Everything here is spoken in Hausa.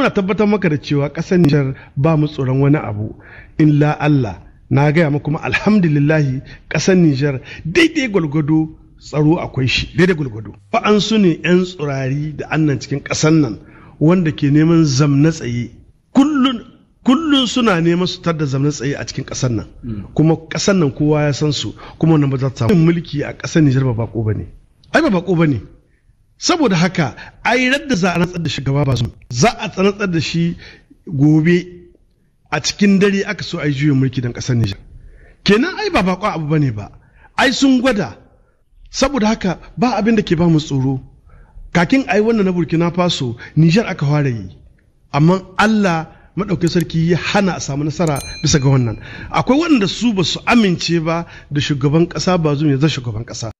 muna tabbatar maka da cewa ƙasar Nijar ba mu tsoron wani abu la Allah na gaya ma kuma alhamdulillahi ƙasar Nijar daidai gwalgwado tsaro akwai shi daidai gwalgwado fa'an su ne 'yan tsurari da annan cikin ƙasar nan wanda ke neman zamna tsaye kullun suna neman su tar da zamna tsaye a cikin ƙasar nan hmm. kuma ƙasar nan kowa ya san su kuma wannan ba za ta samu mulki a ƙasar Nijar ba bako bane ba bako saboda haka a yi radda za a rantsar da gaba ba za a rantsar da shi gobe a cikin dare aka so a yi juyin mulki don kasar Nijar kenan ai ba bakon abu bane ba ai sun gwada saboda haka ba abin da ke ba mu tsoro kakin ai wannan na Burkina Faso Nijar aka fara yi amma Allah maɗauki sarki ya hana a samu nasara bisa ga wannan akwai waɗanda su ba su amince ba da shugaban ƙasa ba zuwa ya zai shugaban ƙasa